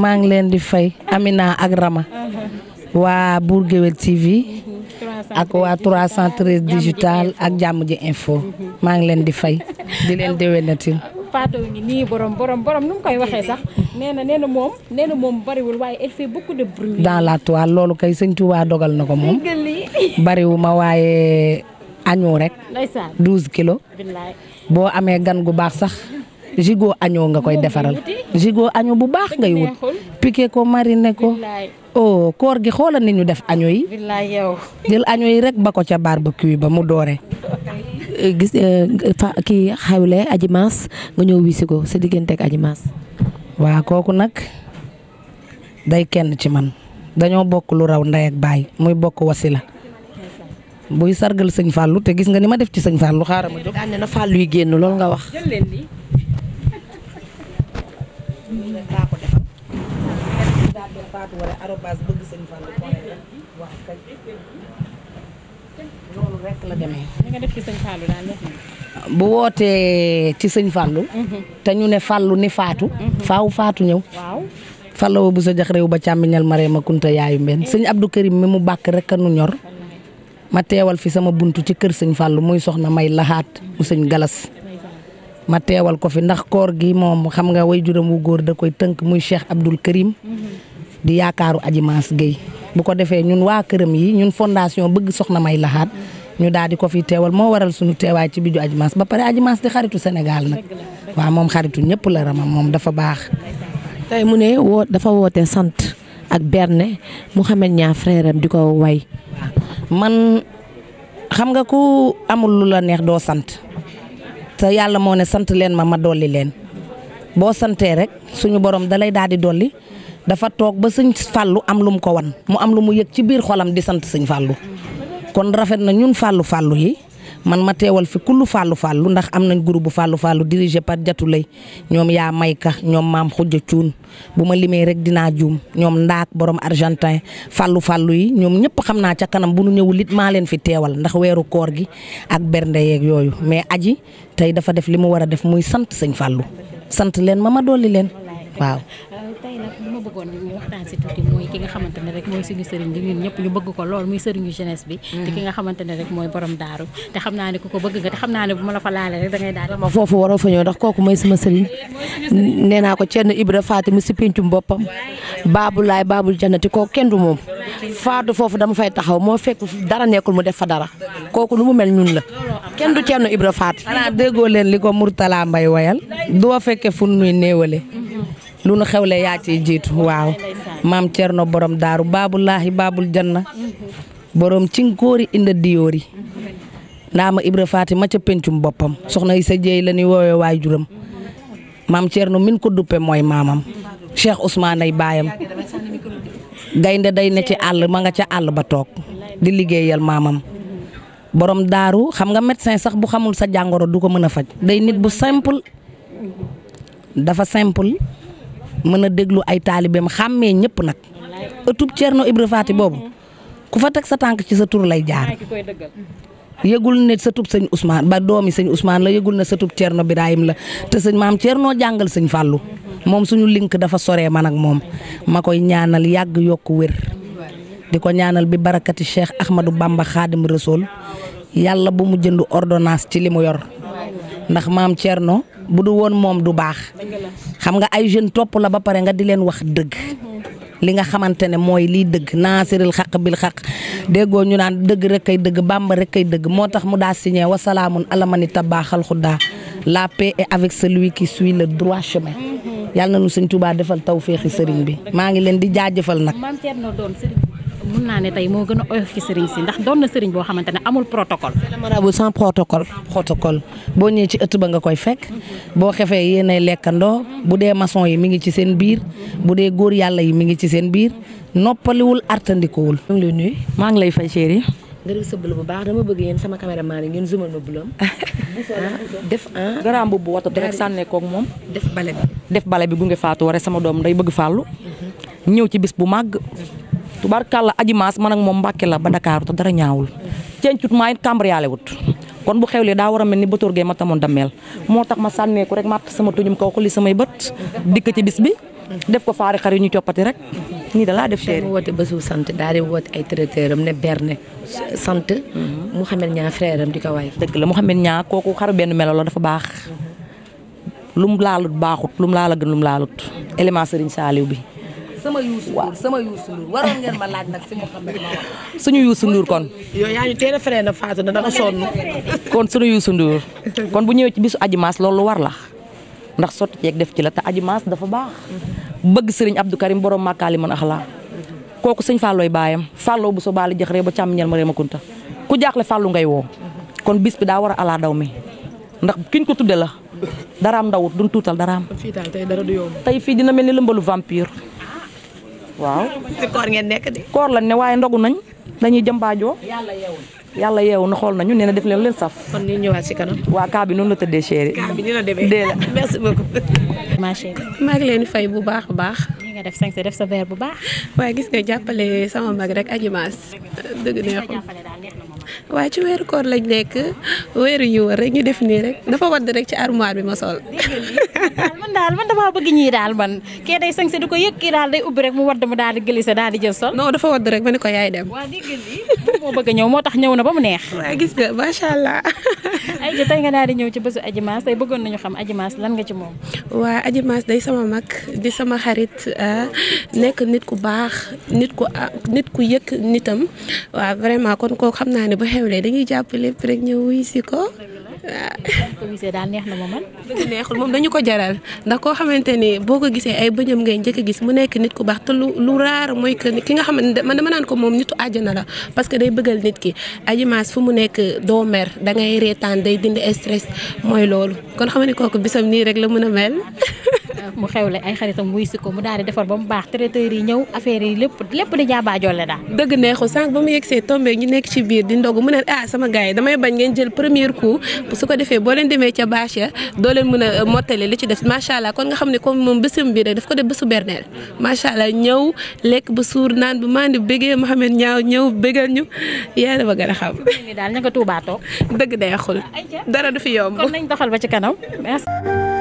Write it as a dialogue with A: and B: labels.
A: maa ngi leen di fay Amina ak Rama waa Bour Gueweul TV ak waa 313 digital ak jàmm ji info maa ngi leen di fay di leen déwénatil
B: Fatou borom borom borom nu mu koy waxee sax nee moom dans la
A: toile loolu kay sëñ Touba dogal na ko moom. bariwu ma waaye añu rek.
B: ndeysaan 12
A: kilos. boo amee gan gu baax sax. jigo año nga koy defaral jigo año bu baax ngay wut piqué ko mariné ko oh koor gi xoolal ni ñu def año yi jël año yi rek ba ko ca barbecue ba mu doore gis euh, kii xawle Adji Mass nga ñëw wisi ko sa diggante ak Adji waa kooku nag day kenn ci man dañoo bokk lu raw ndey ak baay muy bokk wasila buy sargal sëñ Fallou te gis nga ni ma def ci sëñ Fallou xaaral ma jóg. daan na Fallou génn loolu nga wax. bu wootee ci sëñ Fallu. te ñu ne Fallu ni faatu. faaw faatu ñëw. waaw bu sa jax réew ba càmmiñal maree ma kunta yaayu mbenn sëñ Abdou Karim mi mu bàkk rekk nu ñor ma teewal fi sama bunt ci kër sëñ Fallu muy soxna May Laxaat u sëñ Galas. ma teewal ko fi ndax koor gi moom xam nga way juram wu góor da koy tënk muy Cheikh Abdoul Karim mm-hmm. di yaakaaru Adji Mass bu ko defee ñun waa këram yi ñun fondation bëgg soxna may laxaat ñu daal di ko fi teewal moo waral suñu teewaay ci biju Adji Mass ba pare Adji Mass di xaritu senegal nag waa moom xaritu ñëpp la rama moom dafa baax tey mu ne woo dafa woote sant ak berne Mouhamed ñaa frère di ko way man xam nga ku amul lu la neex doo sant te yàlla moo ne sant leen ma ma dolli leen boo santee rek suñu borom da lay daal di dolli dafa toog ba sëñ fàllu am lu mu ko wan mu am lu mu yëg ci biir xolam di sant sëñ fàllu kon rafet na ñun fàllu fàllu yi man ma teewal fi kullu fàllu fàllu ndax am nañ group bu fàllu fàllu dirigé par Jatu ñoom yaa mayka ñoom maam xujja cuun bu ma limee rek dinaa juum ñoom ndaak borom argentin fàllu fàllu yi ñoom ñëpp xam naa ca kanam bu nu ñëwul it maa leen fi teewal ndax weeru koor gi ak bernde yeeg yooyu mais aji tey dafa def li mu war a def muy sant sëñ fàllu sant leen ma ma dolli leen waaw
B: bëggoon ñu waxtaan si tuuti mooy ki nga xamante ne rek mooy suñu sëriñ bi ñun ñëpp ko lool muy sëriñu jeunesse bi mm-hmm. te ki nga xamante ne rek ne ku ko bëgg
A: da ko Cerno Ibra Faati mu si pencum boppam baabul laay baabul kenn du moom faatu foofu dama fay taxaw moo fekk dara nekkul mu def dara kooku nu mu mel ñun la kenn du Cerno Ibra Faati xanaa déggoo leen li ko Murtala Mbay wayal doo fekke fu nuy néewale lu nu xewle yaa ci jiitu waaw maam Thierno borom daaru baabulaahi baabul janna borom cinkóori inda diyoori ndaama Ibra Faati ma ca pencum boppam soxna Isa Jéey la ñuy woowee waajuram maam Thierno min ko duppe mooy maamam Cheikh Ousmane ay baayam gaynde day ne ci àll ma nga ca àll ba toog di liggéeyal maamam borom daaru xam nga médecin sax bu xamul sa jàngoro du ko mën a faj day nit bu simple dafa simple mën a déglu ay taalibeem xàmmee ñëpp nag ëttub Cerno Ibra Faati boobu ku fa teg sa tànk ci sa tur lay jaar yëgul ne sa tub sëñ Ousmane ba doomi sëñ Ousmane la yëgul ne sa tub Cerno Birahim la te sëñ maam Cerno jàngal sëñ Fàllu moom suñu link dafa soree man ak moom ma koy ñaanal yàgg yokk wér di ko ñaanal bi barakati Cheikh Ahmadou Bamba Xaadim Rasool yàlla bu mu jënd ordonnance ci li mu yor ndax maam Thierno bu du woon moom du baax xam nga ay jeunes topp la ba pare nga di leen wax dëgg mm-hmm. li nga xamante ne mooy liy dëgg naasiril xaq bil xaq déggoo ñu naan dëgg rek ay dëgg bàmba rek kay dëgg moo tax mu daa signé wasalaamun alamani tabaaxal xuddaa la paix est avec celui qui suit le droit chemin. Mm-hmm. yal na nu sëñ Tuubaa defal tawféexi sëriñ bi maa ngi leen di jaajëfal nag.
B: mun naa ne tey moo gën a oyof ci sëriñ si ndax doon na sëriñ boo xamante ne amul protocole.
A: marabu sans protocole protocole boo ñëwee ci ëtt ba nga koy fekk boo xefee yéenay lekkandoo bu dee maçon yi mi ngi ci seen biir bu dee góor yàlla yi mi ngi ci seen biir noppaliwul artandikowul. maa ngi lay maa ngi lay fay chéri nga def bu baax dama bëgg yéen sama caméraman yi ngeen zoomal ma bulam. Ah, def
C: ah. garaam bu watatu rek moom. def bale bi def bale bi gunge faatu ware sama doom day bëgg fàllu mhm. ñëw ci bis bu màgg. tubaarkàlla aji maas ma ak moom Mbàkke la ba Dakar te dara ñaawul cencut maa it cambriolé wut kon bu xewlee daa war a mel ni bëtóor gee ma tamoon dameel moo tax ma sànneeku rek màtt sama tuñum kaw xuli samay bët dikk ci bis bi def ko faari xar yi ñu coppati rek nii da laa def chéri woote bésu sant daal di woote ay traiteur am ne berne sant Mouhamed Niang frère am di ko waay dëgg la Mouhamed Niang kooku xar benn melo la dafa baax lum laalut baaxut lum laala gën lum laalut élément Serigne Saliou bi
A: sama Youssou sama Youssou Ndour waroon ngeen ma laaj nag
C: suñu Youssou Ndour kon.
A: yow yaa ñu a feree na Fatou dana ko sonn.
C: kon suñu Youssou Ndour kon bu ñëwee ci bisu aji maas loolu war la ndax sotti ceeg def ci la te aji maas dafa baax. bëgg sëriñ Abdou Karim borom màkkaali man axlaa kooku sëñ Fallooy baayam Falloo bu so baali jax ree ba càmm ñel ma ree ma kunta ku jaaxle Fallu ngay woo kon bis bi daa war a alaa daw mi ndax kiñ ko tudde la daraam ndawut du tuutal daraam.
A: fii daal tey dara
C: tey fii dina mel ni lëmbalu vampire. waaw
A: si nekk di.
C: koor lañ ne waaye ndogu nañ dañuy jëm baajoo. yàlla yeewul yàlla yeewu na xool nañu nee na def leen leen saf. kon ñu ñëwaat si kanam. waa kaa bi noonu la tëddee chéri.
A: kaa bi ni la demee dee la merci
D: ma ngi leen fay bu baax a baax. ñi nga def sañ def sa verre bu baax. waaye gis nga jàppale sama mag rek aji maas neexul. waaye ci weeru koor lañ nekk weeru ñu war rek ñu def nii rek dafa wadd rek ci armoire bi ma sol. man daal man damaa bëgg ñii daal man kee day sañse du ko yëg
B: kii daal day ubbi rek mu wadd mu daal di glissé daal di jël sol. non dafa wadd rek ma ne ko yaay dem. waa moo bëgg a ñëw moo tax ñëw na ba mu neex. maa gis nga macha allah. ay tey nga daal di ñëw ci bésu Adji Mass tey bëggoon nañu xam Adji Mass lan nga ci moom. waa Adji Mass day sama mag di sama xarit ah,
D: nekk nit ku baax nit ku ah, nit ku yëkk nitam waaw vraiment kon kooku xam naa ne xew xewlee dañuy jàpp lépp rek ñëw wuy si ko. ko gisee daal neex na ma man. neexul moom dañu ko jaral ndax koo xamante ni boo ko gisee ay bëñam ngay njëkk a gis mu nekk nit ku baax te lu lu raar mooy que ki nga xam xamante man dama naan ko moom nitu àjjana la parce que day bëggal nit ki Adji Mass fu mu nekk doo mer da ngay reetaan day dindi stress mooy loolu kon xam kooku bisam nii rek la mën a mel. mu xewle ay xaritam wuy si ko mu daal di defar ba mu baax traiteur yi ñëw affaire yi lépp lépp di jaabaa jolle daal dëgg neexu sànq ba mu yegsee tombé ñu nekk ci biir ne ah sama gars yi damay bañ ngeen jël premier coup su ko defee boo leen demee ca bâche ya doo leen mën a euh, mottale li ci def macha allah kon nga xam ne comme moom bésam bi rek daf ba suur naan bu mandi bégee Mohamed ñaaw ñëw bégal ñu
B: yàlla a neexul dara du fi yomb ba ci kanam